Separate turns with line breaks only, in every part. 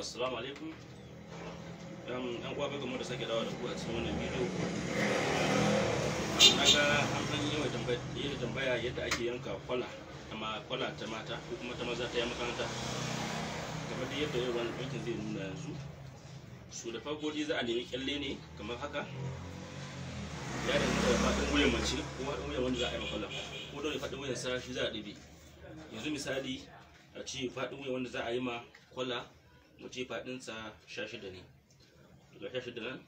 assalamu alaikum yan uwa barkamu da sake dawa da ku a cikin wannan bidiyo na ga an san yi tambaya yadda ake yanka kwala amma kwala ta mata ko kuma ta maza ta yi makaranta kamar da yadda yau wani aikin zai nuna yanzu su da farko dai za a nemi kyalle ne kamar haka ya danganta da faɗin wuyan mace ko faɗin wuyan wanda za a yi makwala ko dole faɗin wuyan sa shi za a ɗabi yanzu misali a ce faɗin wuyan wanda za a yi ma kwala wace faɗinsa sha shida ne daga sha shida nan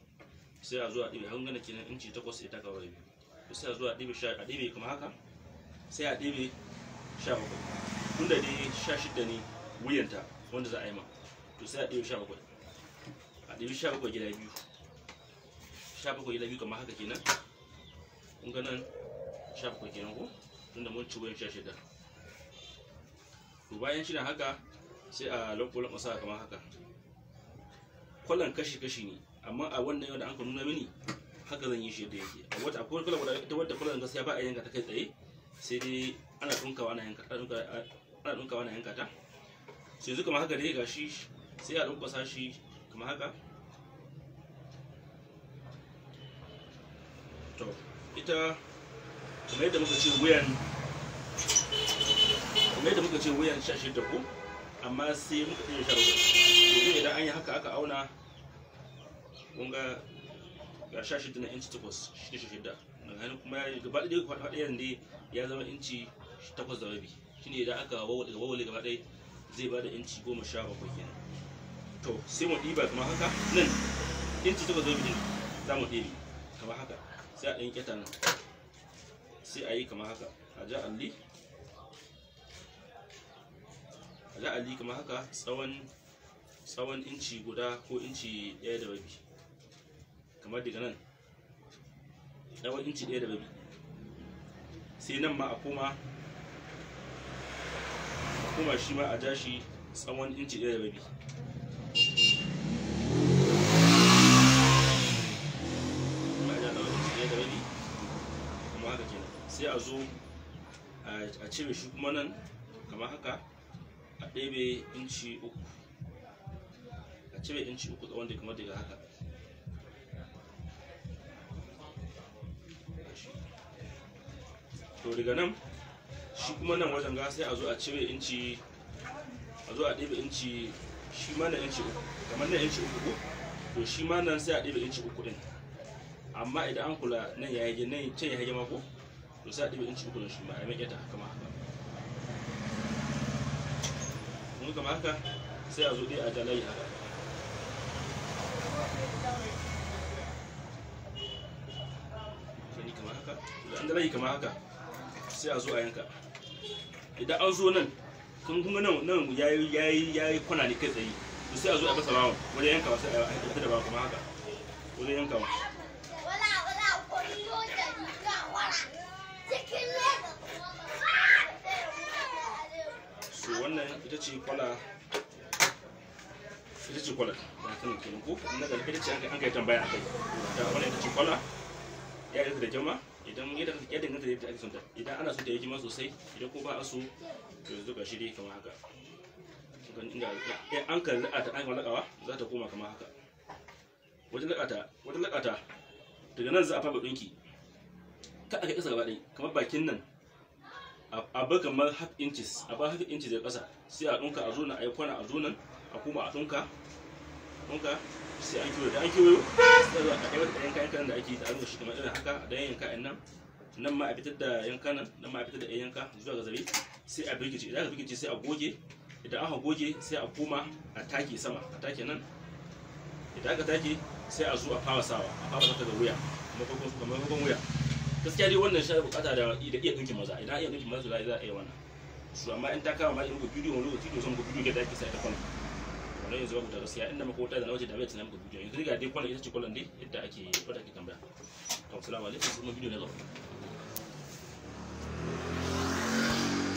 sai a zuwa ɗibe hangana kenan inci takwas ita kawai biyu to sai a zuwa ɗibe sha a ɗibe kuma haka sai a ɗibe sha bakwai tunda dai sha shida ne wuyanta wanda za a yi ma to sai a ɗibe sha bakwai a ɗibe sha bakwai gida biyu sha bakwai gida biyu kamar haka kenan kun ga nan sha bakwai kenan ko tunda mun ci wuyan sha shida to bayan shi haka sai a lankolon masa kamar haka kwallon kashi-kashi ne amma a wannan yau da an nuna mini haka zan yi shi da yake a wata akwai kwallon wadda ita wadda kwallon gaskiya ba a yanka ta kai tsaye sai dai ana dunkawa na yanka ana dunkawa na yanka ta sai yanzu kamar haka dai gashi sai a lankwasa shi kamar haka to ita kamar yadda muka ce wuyan kamar yadda muka ce wuyan shashi da ku amma sai muka ɗaya sha bakwai idan an yi haka aka auna kunga ga sha shida na inci takwas shida sha shida na hannun kuma ya gaba ɗaya gaba ɗaya ne ya zama inci takwas da rabi ne idan aka wawale gaba ɗaya zai bada inci goma sha bakwai kenan to sai mu ɗiba kuma haka nan inci takwas da rabi ne za mu ɗebe kamar haka sai a ɗan ƙeta nan sai a yi kamar haka a ja alli ra'ali kamar haka tsawon tsawon inci guda ko inci ɗaya da rabi kamar daga nan tsawon inci ɗaya da rabi sai nan ma a koma a koma shi ma a ja shi tsawon inci ɗaya da rabi sai a zo a cire shi kuma nan kamar haka a ɗebe inci uku a cire inci uku tsawon da kamar daga haka to daga nan shi kuma nan wajen ga sai a zo a cire inci a zo a ɗebe inci shi ma na inci uku kamar na inci uku to shi ma nan sai a ɗebe inci uku ɗin amma idan an kula nan ya yi nan can ya yi ko to sai a ɗebe inci uku na shi ma a mai ta kama haka kun kama haka sai a zo dai a jalai haka haka sai a zo a yanka idan an zo nan kun kwana ne kai tsaye sai a zo a masa bawon wani yanka sai a yanka ce kwala ita kwala da ta nan kenan ko na ga ita an kai tambaya a kai da wannan ita kwala ya yi da jama idan yadda ya danganta da yadda ake sonta idan ana son ta yi kima sosai idan ko ba a so to yanzu ga shi dai kamar haka inda an kan laƙa ta an kan za ta koma kamar haka wajen laƙata wajen laƙata daga nan za a fara ɗinki ka aka kasa gaba ɗaya kamar bakin nan a bar kamar half inches a ba half inches da ƙasa sai a ɗunka a zonan a yi kwana a zonan a kuma a ɗunka ɗunka sai an kiwo da an kiwo sai a kai wata yanka yankan da ake tsarin shi kamar irin haka da yanka yan nan nan ma a fitar da yanka nan nan ma a fitar da yanka zuwa ga zabe sai a birkice idan aka birkice sai a goge idan aka goge sai a koma a take sama a take nan idan aka take sai a zo a fawa sawa a fawa saka da wuya kamar kamar wuya gaskiya dai wannan shi bukata da da iya dinki maza idan iya dinki maza za a yi wannan su amma in ta kama ma in ku bidiyo wani lokaci to san ku bidiyo da ake sai ta kwana wannan yanzu babu ta gaskiya inda muka wuta da na waje da bai tsanan ku bidiyo yanzu riga dai kwana ita ce kwana dai yadda ake wata ake tambaya to assalamu alaikum sai mu bidiyo ne gaba